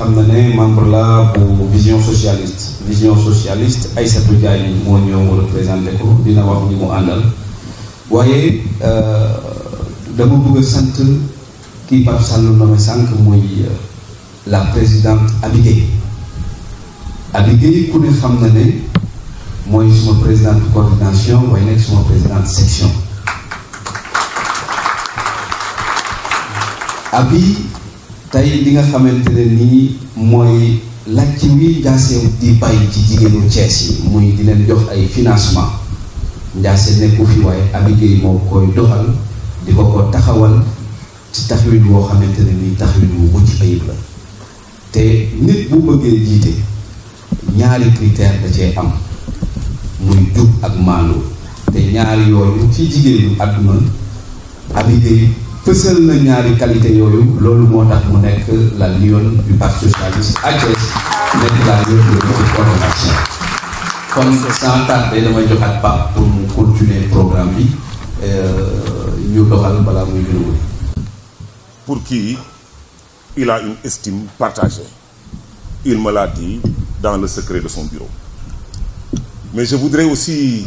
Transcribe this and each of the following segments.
xam na membre la bu vision socialiste vision socialiste Aïssatou Diagne moo ñëw représenté ko dina wax ni mu wayé euh dama bëgg a sant kii Pape Sall nommé sànq muy euh, la présidente Abigay Abigay ku ne xamné na ne mooy présidente coordination waaye nekk suma présidente section abi tey li nga xamante ne nii mooy làcc wi Ndiassé di bay ci jigéenu Thiès yi muy di leen jox ay financement Ndiassé nekku fi waaye Abigéey moo koy doxal di ko ko taxawal ci taxawit woo xamante ne nii taxawit wu mucc ayib la te nit bu bëggee jiite ñaari critère da cee am muy jub ak maandu te ñaari yooyu ci jigéen jigéenu àdduna Abigéey fësal na ñaari qualité yooyu loolu moo tax mu nekk la lion du parti socialiste à Thiès nekk la lionne de notre formation kon sans tarder dama joxaat Pape pour mu continuer programme bi euh, ñu doxal balaa muy gën a pour qui il a une estime partagée il me l'a dit dans le secret de son bureau mais je voudrais aussi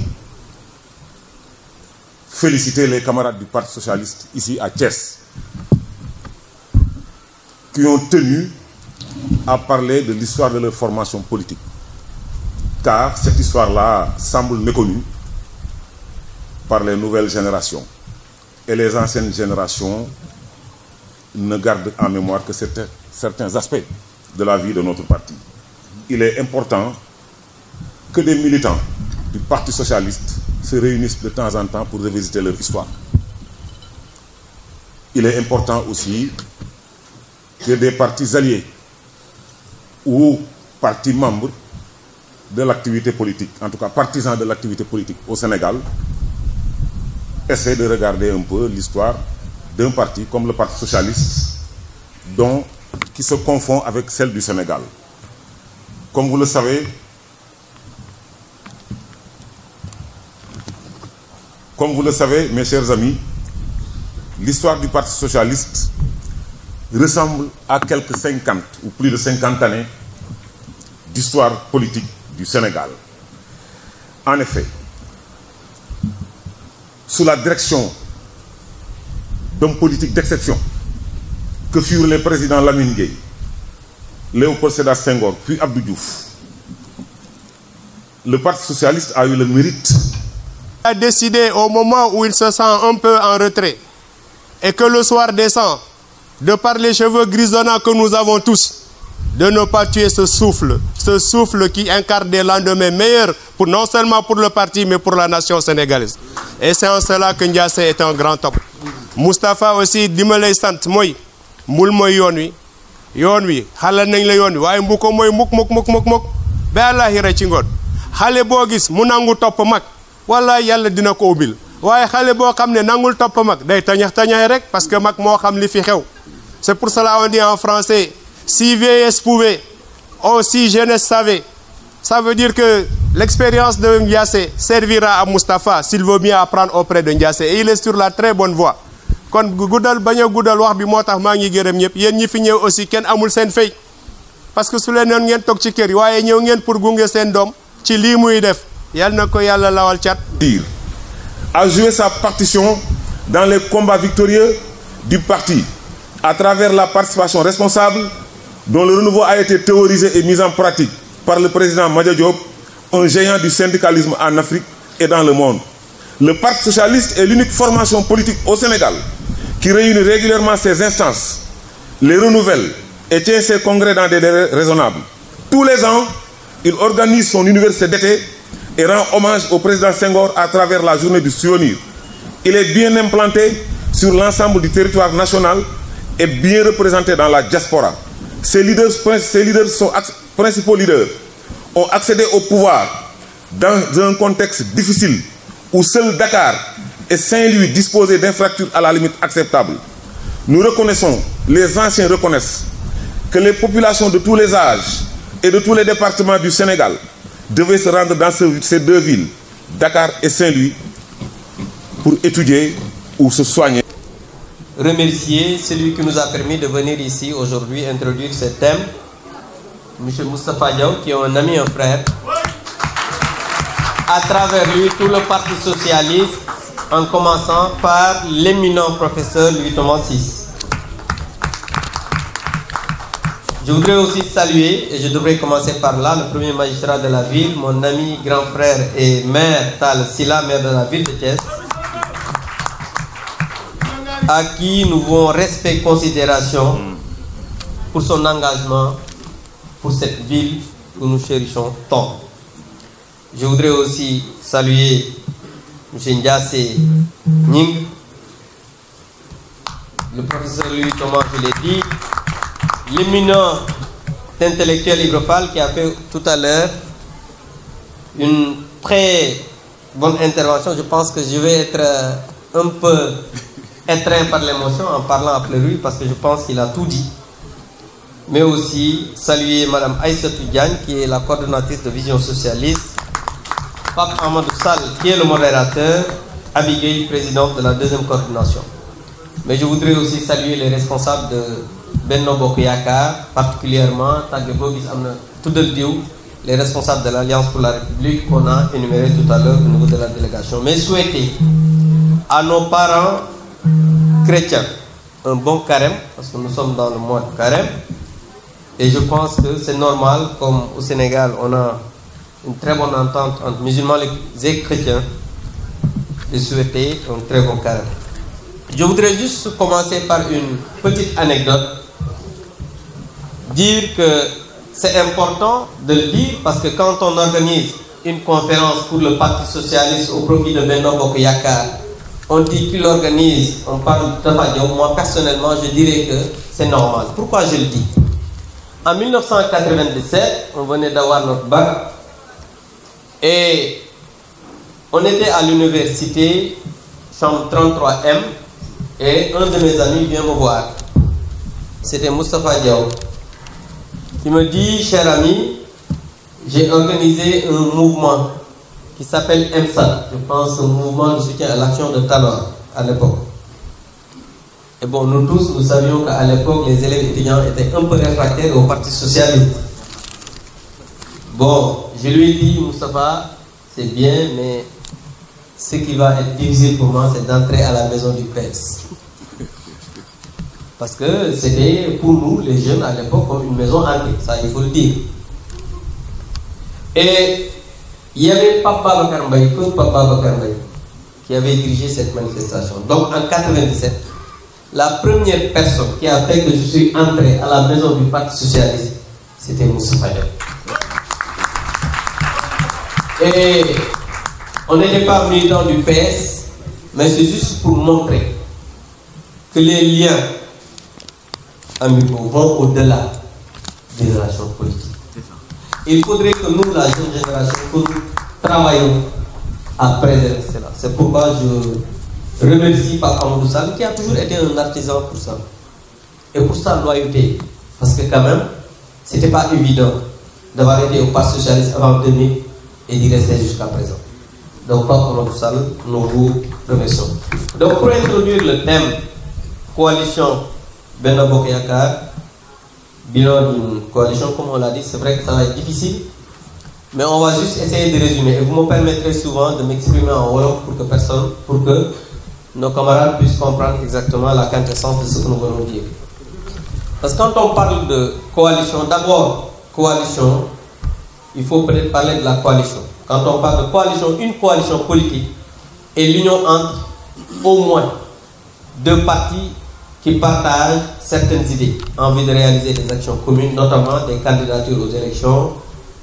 féliciter les camarades du Parti socialiste ici à Thiès, qui ont tenu à parler de l'histoire de leur formation politique. Car cette histoire-là semble méconnue par les nouvelles générations. Et les anciennes générations ne gardent en mémoire que certains, certains aspects de la vie de notre parti. Il est important que des militants du Parti socialiste se réunissent de temps en temps pour revisiter leur histoire. Il est important aussi que des partis alliés ou partis membres de l'activité politique, en tout cas partisans de l'activité politique au Sénégal, essaient de regarder un peu l'histoire d'un parti comme le Parti Socialiste, dont, qui se confond avec celle du Sénégal. Comme vous le savez, Comme vous le savez, mes chers amis, l'histoire du Parti socialiste ressemble à quelques 50 ou plus de 50 années d'histoire politique du Sénégal. En effet, sous la direction d'hommes politique d'exception que furent les présidents Lamine Gueye, Léopold Sédar Senghor, puis Abdou Diouf, le Parti socialiste a eu le mérite a décidé au moment où il se sent un peu en retrait et que le soir descend, de par les cheveux grisonnants que nous avons tous, de ne pas tuer ce souffle, ce souffle qui incarne des lendemains meilleurs, pour, non seulement pour le parti, mais pour la nation sénégalaise. Et c'est en cela que Ndiassé est un grand homme. Moustapha aussi, dimbalay sant moi mul mooy Yonui, wi Yonui, wi xale la wi mouk mouk muk muk muk muk muk wala yalla dina ko ubbil waye xale bo xamné nangul topp mag day tañax tañay rek parce que mak mo xam li fi xew c'est pour cela on dit en français si vieillesse pouvait aussi oh, jeunesse savait ça veut dire que l'expérience de Ndiassé servira à Moustapha s'il veut bien apprendre auprès de Ndiassé et il est sur la très bonne voie kon guddal baña a wax bi motax ma ngi gërem ñep yeen ñi fi ñew aussi kenn amul sen fay parce que su leen non ngeen tok ci kër waye ñew ñëw ngeen pour gunge sen dom ci li muy def yal a joué sa partition dans les combats victorieux du parti à travers la participation responsable dont le renouveau a été théorisé et mis en pratique par le président Majadjob, Diop, un géant du syndicalisme en Afrique et dans le monde. Le Parti socialiste est l'unique formation politique au Sénégal qui réunit régulièrement ses instances, les renouvelle et tient ses congrès dans des délais raisonnables. Tous les ans, il organise son université d'été et rend hommage au président Senghor à travers la journée du souvenir. Il est bien implanté sur l'ensemble du territoire national et bien représenté dans la diaspora. Ses leaders, leaders principaux leaders ont accédé au pouvoir dans un contexte difficile où seul Dakar et Saint-Louis disposaient d'infrastructures à la limite acceptable. Nous reconnaissons, les anciens reconnaissent, que les populations de tous les âges et de tous les départements du Sénégal Devait se rendre dans ces deux villes, Dakar et Saint-Louis, pour étudier ou se soigner. Remercier celui qui nous a permis de venir ici aujourd'hui introduire ce thème, M. Moustapha Diaw, qui est un ami et un frère. À travers lui, tout le Parti Socialiste, en commençant par l'éminent professeur Louis Thomas VI. Je voudrais aussi saluer, et je devrais commencer par là, le premier magistrat de la ville, mon ami, grand frère et maire Tal Silla, maire de la ville de Thiès, à qui nous voulons respect et considération pour son engagement pour cette ville où nous chérissons tant. Je voudrais aussi saluer M. Ndiasse Ning, le professeur Louis Thomas, je l'éminent intellectuel Ibrofal qui a fait tout à l'heure une très bonne intervention. Je pense que je vais être euh, un peu étreint par l'émotion en parlant après lui parce que je pense qu'il a tout dit. Mais aussi saluer Madame Aïssa Diagne qui est la coordonnatrice de Vision Socialiste, Pape Amadou Sall qui est le modérateur, Abigail président de la deuxième coordination. Mais je voudrais aussi saluer les responsables de Benno Bokk Yaakaar particulièrement que boo gis les responsables de l'Alliance pour la République qu'on a énuméré tout à l'heure au niveau de la délégation mais souhaiter à nos parents chrétiens un bon carême parce que nous sommes dans le mois de carême et je pense que c'est normal comme au Sénégal on a une très bonne entente entre musulmans et chrétiens de souhaiter un très bon carême. Je voudrais juste commencer par une petite anecdote dire que c'est important de le dire parce que quand on organise une conférence pour le Parti Socialiste au profit de Benoît Bokayaka, on dit qu'il organise, on parle de Tafadio. Moi, personnellement, je dirais que c'est normal. Pourquoi je le dis En 1997, on venait d'avoir notre bac et on était à l'université, chambre 33M, et un de mes amis vient me voir. C'était Moustapha Diop. Il me dit, cher ami, j'ai organisé un mouvement qui s'appelle EMSA, je pense au mouvement de soutien à l'action de talent à l'époque. Et bon, nous tous, nous savions qu'à l'époque, les élèves étudiants étaient un peu réfractaires au Parti Socialiste. Bon, je lui ai dit, Moustapha, c'est bien, mais ce qui va être difficile pour moi, c'est d'entrer à la maison du prince. Parce que c'était pour nous, les jeunes à l'époque, comme une maison hantée, ça il faut le dire. Et il y avait Papa que Papa Bakary qui avait dirigé cette manifestation. Donc en 97, la première personne qui a fait que je suis entré à la maison du Parti Socialiste, c'était Moussa Diop. Et on n'était pas venu dans du PS, mais c'est juste pour montrer que les liens vont au-delà des relations politiques. Il faudrait que nous, la jeune génération, que travaillions à préserver cela. C'est pourquoi je remercie Papa Moussal qui a toujours été un artisan pour ça. Et pour sa loyauté. Parce que quand même, c'était pas évident d'avoir été au Parti Socialiste avant 2000 et d'y rester jusqu'à présent. Donc, Papa Moussal, nous vous remercions. Donc, pour introduire le thème coalition Benda yakar bilan d'une coalition, comme on l'a dit, c'est vrai que ça va être difficile, mais on va juste essayer de résumer. Et vous me permettrez souvent de m'exprimer en Wolof pour que personne, pour que nos camarades puissent comprendre exactement la quintessence de ce que nous voulons dire. Parce que quand on parle de coalition, d'abord, coalition, il faut peut-être parler de la coalition. Quand on parle de coalition, une coalition politique est l'union entre au moins deux partis qui partagent certaines idées en vue de réaliser des actions communes, notamment des candidatures aux élections.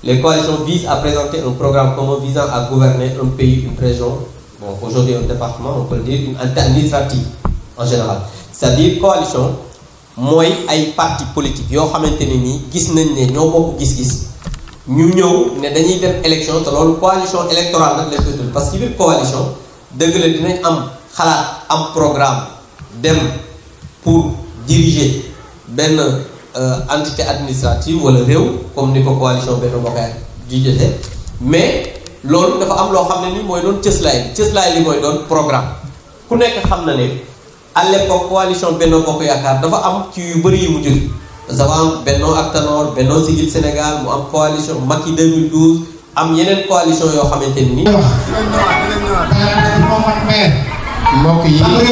Les coalitions visent à présenter un programme commun visant à gouverner un pays, une région, bon, aujourd'hui un département, on peut le dire, une administrative en général. C'est-à-dire coalition mooy ay parti politique yo xamante gis nañ ne ñoo bokk gis-gis ñu ñëw des dañuy dem élection une coalition électorale nag lañ koy parce que une coalition dëgg un, dinañ am programme pour diriger ben euh, entité administrative wala réew comme ni ko coalition benn bokkaay di jotee mais lolu dafa am lo xamné ni moy mooy ci slide ci slide li moy doon programme ku nek xamna na à l'époque coalition Benno Bokk Yaakaar dafa am ci yu bari yu mu jóge dafa am Benno ak Tanor Benno Siggil Sénégal mu am coalition Macky 2012 am yenen coalition yo xamante ni. mbok iki aku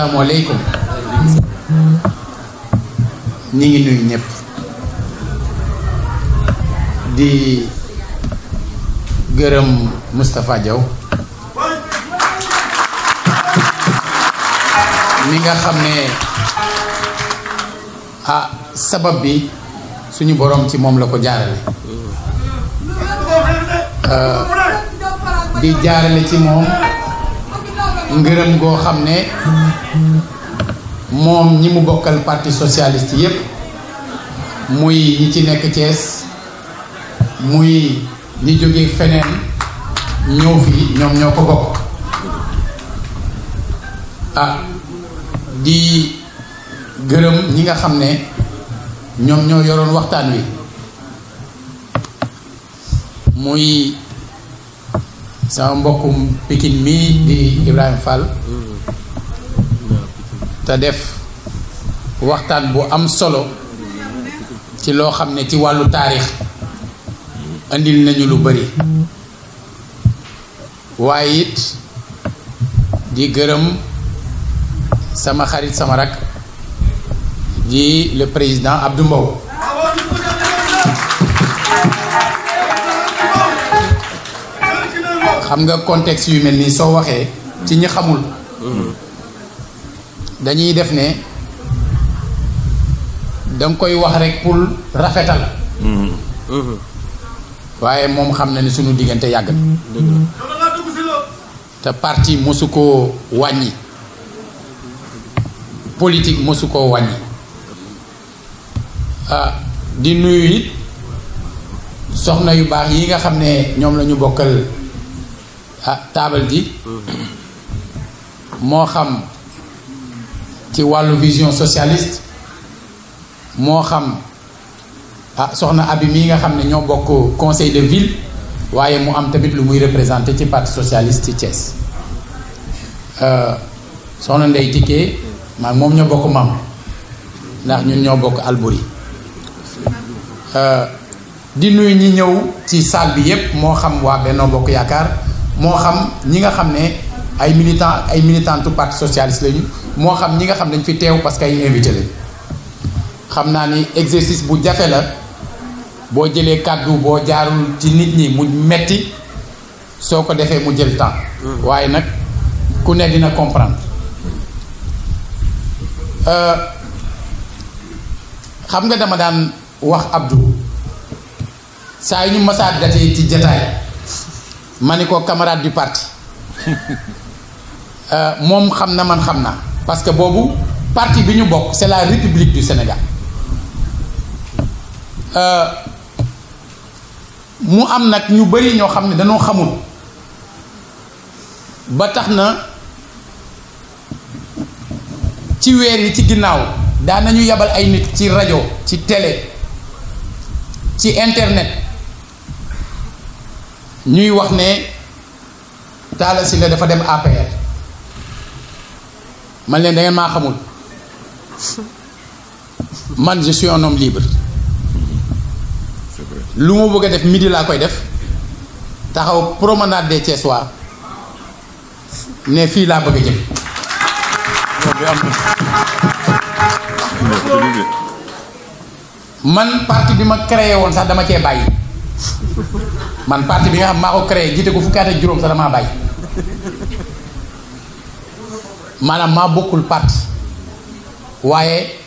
yo ngi di gërëm Moustapha Diaw mi nga ah sabab bi suñu borom ci moom la ko jaarale Euh, di jaarale ci moom ngërëm goo xam ne moom ñi mu bokkal parti socialiste yépp muy ñi ci nekk Thiès muy ñi jóge feneen ñëw fi ñoom ñoo ko bokk ah di gërëm ñi nga xam ne ñoom ñoo yoroon waxtaan wi muy sama mbokkum Pikine mii di Ibrahima Fall te def waxtaan bu am solo ci loo xam ne ci wàllu taarix indil nañu lu bari waaye it di gërëm sama xarit sama rak di le président Abdou Mbow xam nga contexte yu mel nii soo waxee ci ñi xamul dañuy def ne danga koy wax rek pour rafetal waaye moom xam na ni suñu diggante yàgg na te parti mosu koo wàññi politique mosu koo wàññi ah, di nuyu it soxna yu baax yi nga xam ne ñoom lañu bokkal ah taabal ji moo xam ci wàllu vision socialiste moo xam ah soxna abi mii nga xam ne ñoo bokk conseil de ville waaye mu am tamit lu muy représenté ci parti socialiste ci Thiès euh, soxna Ndey Tické maa moom ñoo bokk mam ndax ñun ñoo bokk Albouri euh, di nuyu ñi ñëw ci salle bi yépp moo xam waa Benno Bokk Yaakaar moo xam ñi nga xam ne ay militant ay militantu part socialiste lañu moo xam ñi nga xam dañ fi teew parce que ay invité lañu xam naa ni exercice bu jafe la boo jëlee kàddu boo jaarul ci nit ñi mu metti soo ko defee mu jël temps hmm. waaye nag ku ne dina comprendre euh, xam nga dama daan wax Abdou saa yu ñu masaa datee ci jataay Je suis un camarade du parti Je euh, sais, man parce que le parti c'est la république du Sénégal euh, mu am nak ñu bari ñoo xamul ba taxna ci yabal télé ci internet ñuy wax ne Talla Sylla dafa dem APR man leen da ngeen maa xamul man je suis libre lu mu bëgg a def midi laa koy def taxaw promenade des Thiessois ne fii laa bëgg a jëm man parti bi ma créé woon sax dama cee bàyyi man parti bi nga xam maa ko créé jiite ko fukki at juróom sax damaa bàyyi maanaam maa bokkul parti waaye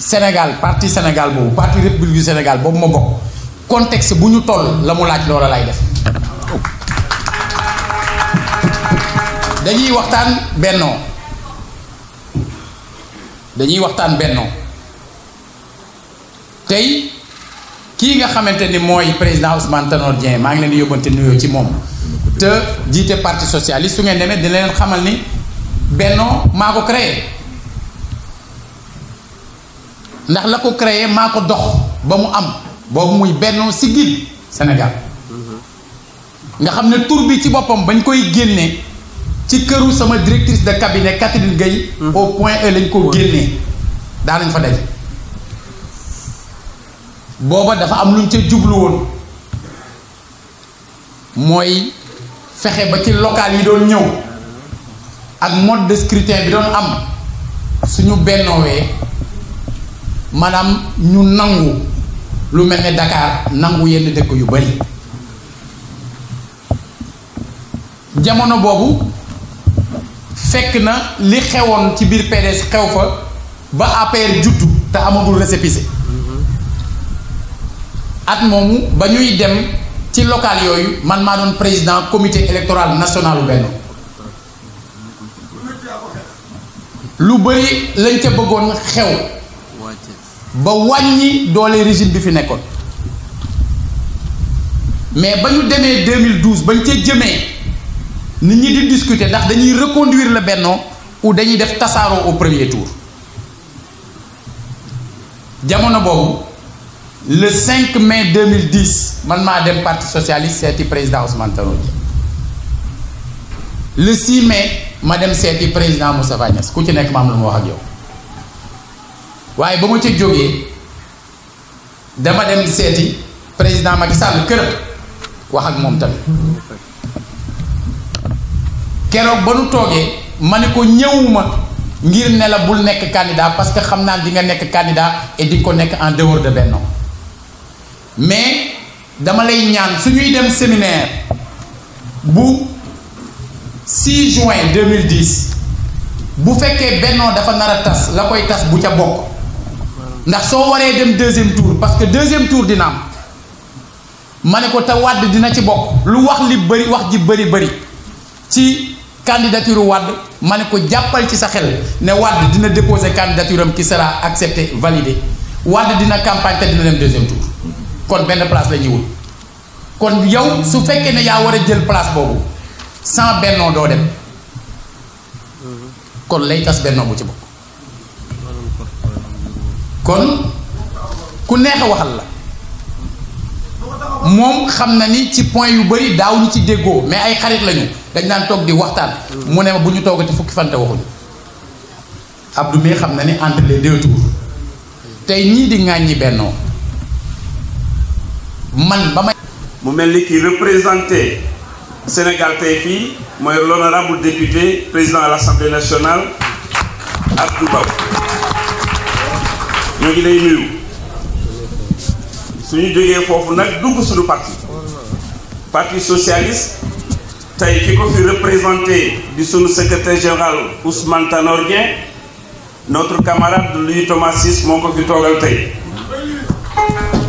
Sénégal parti Sénégal boobu parti république Sénégal boobu ma bokk contexte bu ñu toll la mu laaj loola lay def dañuy waxtaan bennoo dañuy waxtaan bennoo tey kii nga xamante ni mooy président Ousmane Tanor Dieng maa ngi leen di yóbbante nuyoo ci moom te jiite parti socialiste su ngeen demee dina leen xamal ni Benno maa ko créé ndax la ko créer maa ko dox ba mu am boobu muy Benno Siggil Sénégal nga xam ne tur bi ci boppam bañ koy génnee ci këru sama directrice de cabinet Catherine Gueye au point E lañ ko génnee daanañ fa daje booba dafa am luñ ca jublu woon mooy fexe ba ci local yi doon ñëw ak mode de scrutin bi doon am suñu bennoowee maanaam ñu nangu lu mel ni Dakar nangu yenn dëkk yu bari jamono boobu fekk na li xewoon ci biir PDS xew fa ba APR juddu te amagul récépissé at moomu ba ñuy dem ci local yooyu man maa doon président commité électoral national benn lu bëri lañ ca bëggoon xew ba wàññi doole régime bi fi nekkoon mais ba ñu demee 2012 bañ ca jëmee nit ñi di discuter ndax dañuy reconduire la Benno ou dañuy def tasaaroo au premier tour jamono boobu. le 5 mai 2010 man maa dem parti socialiste seeti président Ousmane Tanor Dieng le 6 mai ma dem seeti président Moustapha Niasse ku ci nekk ma am lu ma wax ak yow waaye ba ma ca jógee dama dem seeti président Macky Sall këram wax ak moom tamit keroog ba nu toogee ma ne ko ñëwuma. ngir ne la bul nekk candidat parce que xam naa di nga nekk candidat et di nga ko nekk en dehors de Benno mais dama lay ñaan suñuy dem séminaire bu 6 juin 2010 bu féké benno dafa nara tas la koy tas bu ca bokk ndax so waree dem deuxième tour parce que deuxième tour dina am ma ko dina ci bokk lu wax li bëri wax ji bëri bëri ci candidature wad mané ne ko jappal ci sa xel né wad dina déposer candidature am qui sera validé, wa wad dina campagne té dina dem deuxième tour kon benn place la ñuy kon yow su fekkee ne yaa war a jël place boobu sans bennoo doo dem kon lay tas bennoo bu ci bokk kon ku neex a waxal la moom xam na ni ci point yu bari daaw ñu ci déggoo mais ay xarit lañu dañ naan toog di waxtaan mu ne ma bu ñu toogati fukki fante waxuñu Abdou mais xam na ni entre les deux tours ñii di ŋàññi bennoo man ba may. mu mel ni ki représenté Sénégal tey fii mooy l'honorable député président à l'Assemblée nationale Abdou Mbow ñoo ngi lay nuyu suñu jógee foofu nag dugg suñu parti parti socialiste tey ki ko fi représenté di suñu secrétaire général Ousmane Tanor Dieng notre camarade Louis Thomas Ciss moo ko fi toogal tey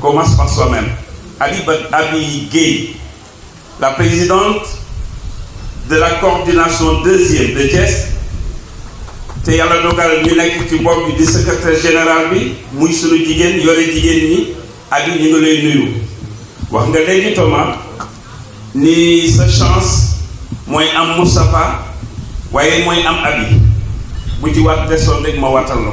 commence par soi-même. Abi Gay, la présidente de la coordination deuxième de GES, te yàlla dogal ñu nekk ci bopp bi secrétaire général bi muy sunu jigéen yore jigéen ñi ak ñu lay nuyu wax nga Thomas ni sa chance mooy am Moussafa, voyez mooy am Abi bu ci waat desoon rek ma wattal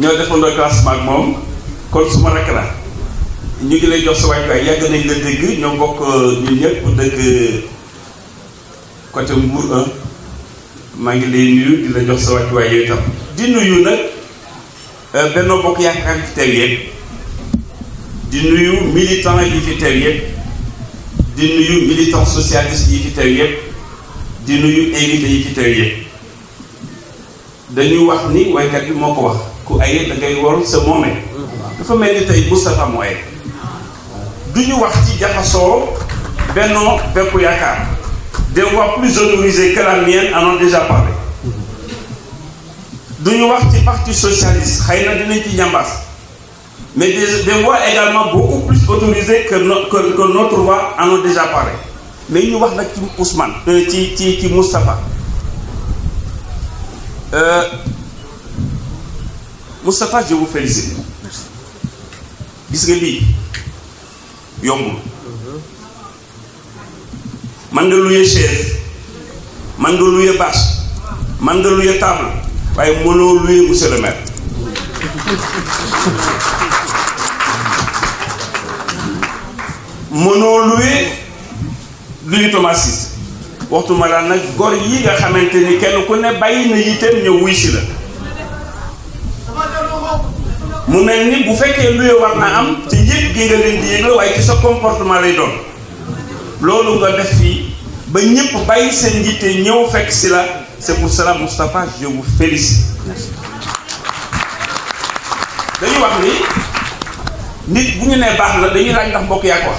ñoo defandoo classement ak moom kon su ma rakk la ñu ngi lay jox sa waay yàgg nañ la dégg ñoo bokk ñun ñëpp dëkk côté Mbour 1 maa ngi lay nuyu di la jox sa waay yooyu tam. di nuyu nag euh, Benno Bokk Yaakaar di nuyu militant yi fi teew yëpp di nuyu militant socialiste yi fi teew yëpp di nuyu invité yi fi teew yëpp dañuy wax ni waykat bi moo ko wax. ku aye da ngay warul sa moomee dafa mel tay tey Moustapha mu aye du wax ci jaxasoo Benno Bokk yakar des voix plus autorisées que la mienne en ont déjà parlé du ñu wax ci parti socialiste xëy na dinañ ci mais des, des voix également beaucoup plus autorisées que, no, que, notre voix en ont déjà parlé mais ñu wax nag ci Ousmane euh, ci ci ci pas Moustapha je vous félicite gis nga lii yombul man nga luye chaise man nga luye bâche man nga luye table waaye mënoo luye monsieur le maire mënoo luye luye Thomas Cissé waxtu ma daal nag góor yi nga xamante ni kenn ku ne bàyyi na yitteem ñëw wuy si la mu mel ni bu fekkee luye war naa am ci yëg gi nga leen di yëg la waaye ci sa comportement lay doon loolu nga def fii ba ñëpp bàyyi seen njiite ñëw fekk si la c'est pour cela Moustapha je vous dañu wax ni nit bu ñu nee baax la dañuy laaj ndax mbokk yaa ko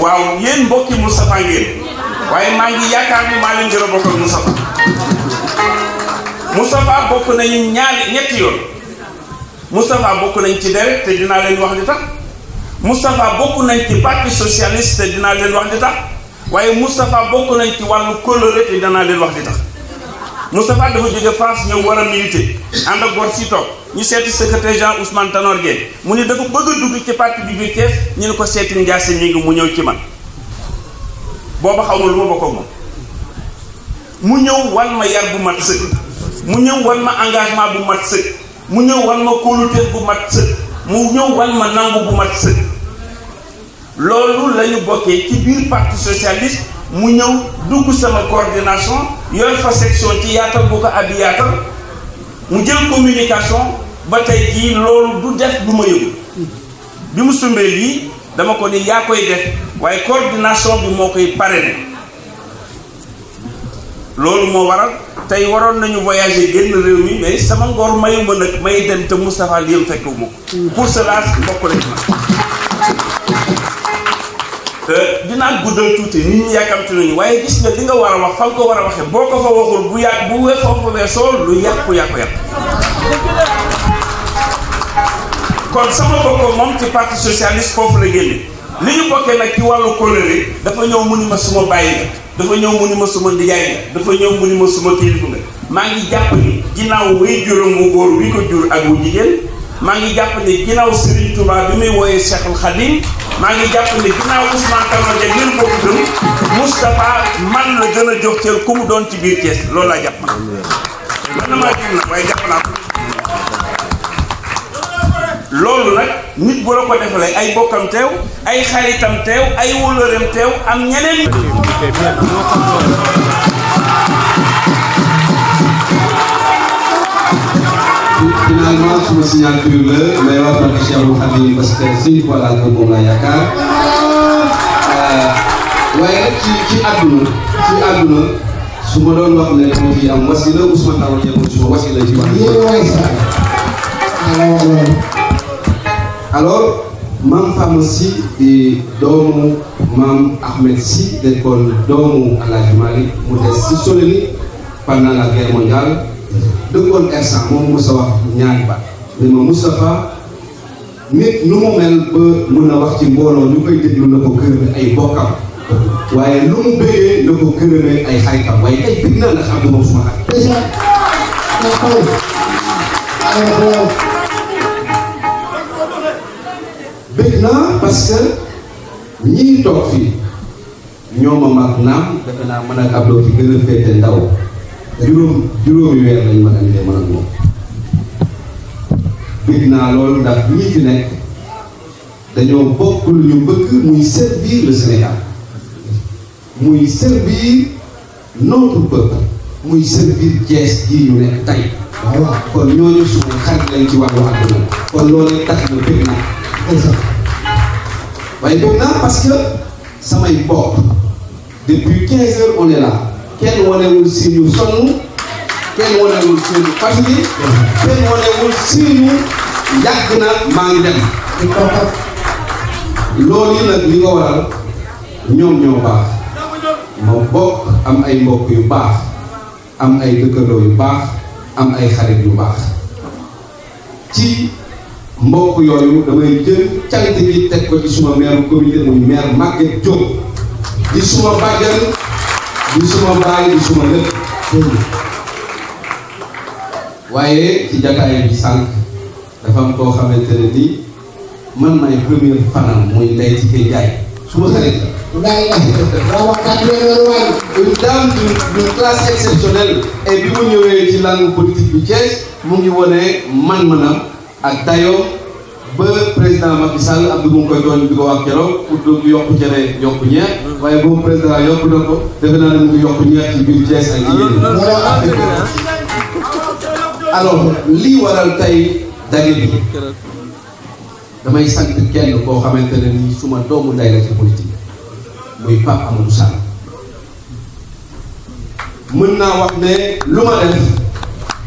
waaw yéen mbokki Moustapha ngeen waaye maa ngi yaakaar ni maa leen gën a bokkal Moustapha Moustapha bokk nañu ñaari ñetti yoon Moustapha bokk nañ ci deret te dinaa leen wax li tax Moustapha bokk nañ ci parti socialiste te dinaa leen wax li tax waaye Moustapha bokk nañ ci mu coloré te dinaa leen wax di tax Moustapha dafa jóge France ñëw war a militer ànd ak si toog ñu seeti secrétaire Jean Ousmane Tanor mu ne dafa bëgg a dugg ci parti bi biir Thiès ñu ne ko seeti Ndiasse ñi ngi mu ñëw ci man booba xaw ma lu ma bokk ak mu ñëw wan ma yar bu mat sëkk mu ñëw wan ma engagement bu mu ñëw wal ma kóoluteef bu mat sëkk mu ñëw wal ma nangu bu mat sëkk loolu la ñu bokkee ci biir parti socialiste mu ñëw dugg sama coordination yor fa section ci yaatal bu ko abi yaatal mu jël communication ba tey jii loolu du def du ma yëgu bi mu sumbee lii dama ko ni yaa koy def waaye cordination bi moo koy parrainé loolu moo waral tey waroon nañu voyager génn réew mi mais sama ngor mayu ma nag may dem te Moustapha Lyem fekk wu ma ko pour cela bokk lañ ma euh, dinaa guddal tuuti nit ñi yàkkamti nañu waaye gis nga li nga war a wax fa nga ko war a waxee boo ko fa waxul bu yàq foofu weesoo lu yàqu yàqu yàqu kon sama bokk moom ci parti socialiste foofu la génne li ñu bokkee nag ci wàllu colère dafa ñëw mu ma suma bàyyi la dafa ñëw mu ni ma suma ndijaay nga dafa ñëw mu ni ma suma kilifa nga maa ngi jàpp ni ginnaaw wéy juróom wu góor wi ko jur ak wu jigéen maa ngi jàpp ne ginnaaw Serigne Touba bi muy wooyee Cheikhul Khadim maa ngi jàpp ne ginnaaw Ousmane Tanor Dieng man la gën a jox cër ku mu doon ci biir Thiès loolu laa jàpp man. man damaa gëm nag waaye jàpp naa ko. loolu nag nit bu la ko defalee ay bokkam teew ay xaritam teew ay wóllëreem teew am ñeneen finalement suma signature la may wax barke Cheikh Mouhamed parce que sëñ Tuubaa ko moom laa yaakaar waaye euh, nag ci ci àdduna ci àdduna su ma doon wax ne dama fi am wasila Ousmane Tawa Diallo suma wasila ci wax alors mam fama si di doomu mam ahmed si dekkoon doomu alhaji malik mu des si soloni pendant la guerre mondiale dëkkoon ersa moom musa wax ñaan ba de ma moustapha nit nu mo mel ba mun a wax ci mbolo ñu koy déglu lu ko gërëm ay bokkam waye lu mu bëggee na ko ne ay xaritam waye tay big na xam ne suma déjà naa parce que ñii toog fii ñoo ma mag naam defe naa mën ak Abdou fi gën a féete ndaw juróom juróomi weer lañ ma andee mën ak moom bëgg naa loolu ndax ñii fi nekk dañoo bokk lu ñu bëgg muy servir le Sénégal muy servir notre peuple muy servir Thiès ji ñu nekk tey waaw kon ñooñu suñu xarit lañ ci wax àdduna kon loolu tax na bëgg naa waaye toog naa parce que samay bopp depuis 15 heures on est là kenn wanewul si ñu kenn wanewul si ñu fatigué kenn wanewul si yàgg na maa ngi dem. loolu yi nag li nga waral ñoom ñoo baax ma bokk am ay mbokk yu baax am ay dëkkandoo yu baax am ay xarit yu baax ci. mbokk yooyu damay jël qualité bi teg ko ci suma maire comité muy maire Maguette Diop di suma bàjjan di suma baay di suma lépp waaye ci jataay suma xarit Ndeye waaw waxtaan weeru waay une dame bi mu mu ngi wone man-manam ak dayoo ba président Macky Sall am na mu ngi koy doon di ko wax keroog pour donc yokk cere yokk ñeer waaye boobu président yokk na ko defe naa ne mu ngi koo xamante ne nii suma doomu nday mën naa wax ne lu ma def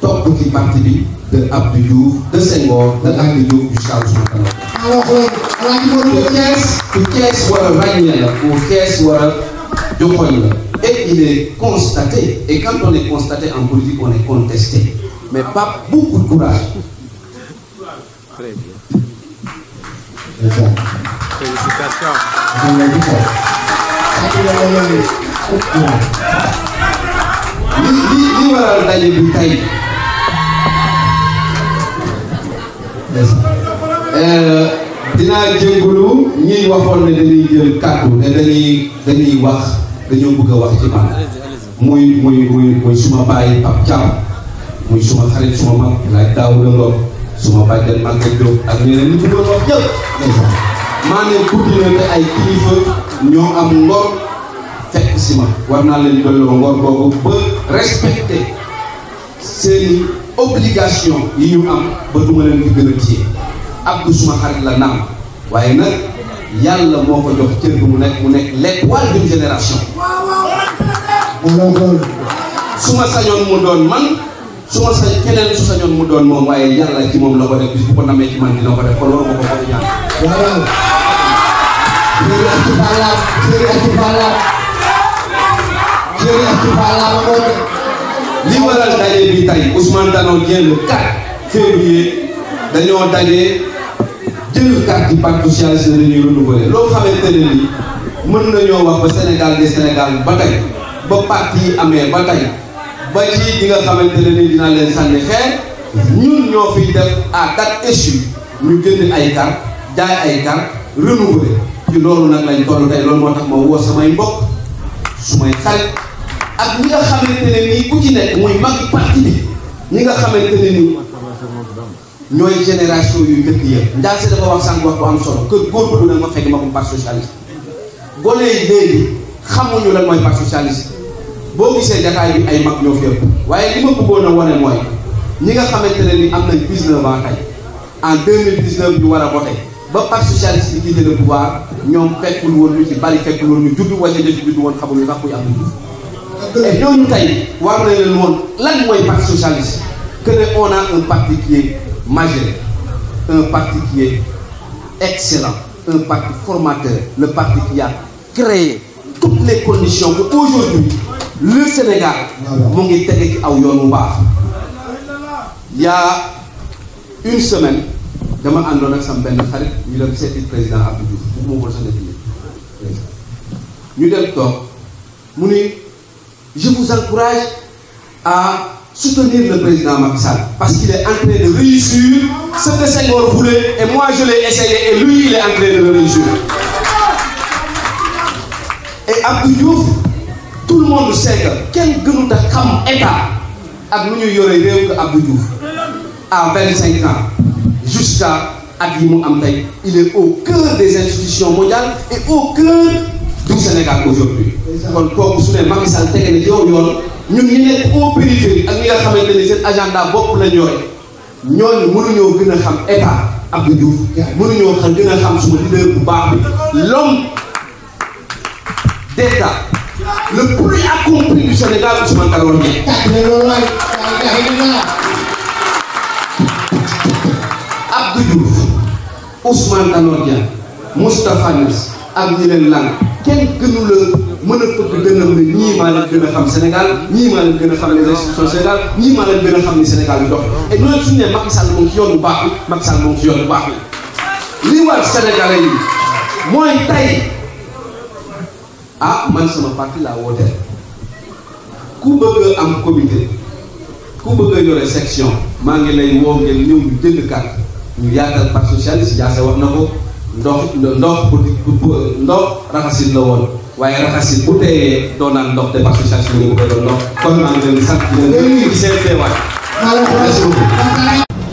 topp ci parti bi de Abdou de Senghor de Abdou Diouf jusqu'à Ousmane Tanor. alors alaaji Modou Lo Thiès. ku Thiès war a ràññee la ku Thiès war a joxoñ la. et il est constaté et quand on est constaté en politique on est contesté mais pas beaucoup de courage. très bien. déjà. félicitations. on a dit ça. li li li waral daje bi tey. Euh, dinaa jégalu ñiy waxoon ne dañuy jël kàddu ne wax dañoo bëgg a wax ci man muy muy muy suma bàyyi Pape Thiam muy suma xarit suma mag laaj daaw la lool suma bàjjen Maguette Diop ak ñeneen am ngor fekk si ma war naa leen dolloo ngor boobu ba respecté seeni obligation yi ñu am ba du leen di gën a ak abdu suma xarit la nam waaye nag yàlla moo ko jox cër bi mu nekk mu nekk l'étoile d'une génération suma mu doon man suma sañ keneen su sañoon mu doon moom waaye yàlla ci moom la ko def bu ko namee ci man dina ko def ko loolu ko ko waaw li waral daje bi tey Ousmane Tanor Dieng le 4 février dañoo daje jël carte du parti socialiste dañuy renouveler loo xamante ne ni mën nañoo wax ba Sénégal di Sénégal ba tey ba parti yi amee ba tey ba ci ñi nga xamante ne ni dina leen sànni xeer ñun ñoo fiy def à date échue ñu jënd ay carte jaay ay carte renouveler ci loolu nag lañ toll tey loolu moo tax ma woo samay mbokk su may xarit ak ñi nga xamante ne nii ku ci nekk muy mag parti bi ñi nga xamante ne yi ñooy génération yu njëkk yëpp Ndiassé dafa wax sànq wax bu am solo que góor bu ne ma fekk ma ko parti boo gone yi léegi xamuñu lan mooy parti socialiste boo gisee jataay bi ay mag ñoo fi waaye li ma bëggoon a wane ñi nga xamante ne ni am nañ 19 ans tey en 2019 ñu war a voté ba parti socialiste bi quitté le pouvoir ñoom fekkul woon lu ci bari fekkul woon ñu juddu wala ñu juddu woon xamuñu ndax kuy am. et ñooñu tey war nañ leen woon lan mooy parti socialiste que nous on a un parti qui est majeur un parti qui est excellent un parti formateur le parti qui a créé toutes les conditions pour aujourd'hui le Sénégal mon ngi tege ci aw il y a une semaine demain, suis ak sam benn xarit ñu a seeti président Abdou Diouf bu moom moo sax ñu dem toog je vous encourage à soutenir le président Macky Sall parce qu'il est en train de réussir ce que Seigneur voulait et moi je l'ai essayé et lui il est en train de réussir. Et Abdou Diouf, tout le monde sait que quel gënu état ak Abdou à 25 ans jusqu'à il est au cœur des institutions mondiales et au cœur du Sénégal aujourd'hui kon kooku su ne Macky Sall tege na yow yoon ñun ñi nekk au périphérie ak ñi nga xamante seen agenda bopp la ñooy ñooñu mënuñoo gën a xam état Abdou Diouf mënuñoo xam gën a xam suma leader bu baax bi l'homme d'état le plus accompli du Sénégal Ousmane Tanor Dieng Abdou Diouf Ousmane Tanor Moustapha Niass ak ñi leen kenn gënu mën a fëgg dënam ne ñii maa leen gën a xam Sénégal ñii maa leen gën a xam les Sénégal ñii maa leen ni Sénégal yi dox et loolu suñu ne Macky Sall moom ci yoonu baax bi Macky Sall moom ci baax bi li war Sénégalais yi mooy tey ah man sama parti laa wooteel ku bëgg a am comité ku bëgg a yore section maa ngi lay woo ngeen ñëw ñu jënd carte ñu yaatal parti socialiste jaase wax na ko ndox ndox pour ndox raxasin la woon waaye raxasin bu teeyee doo naan ndox te parce que saa kon maa ngi leen di sant di leen gërëm di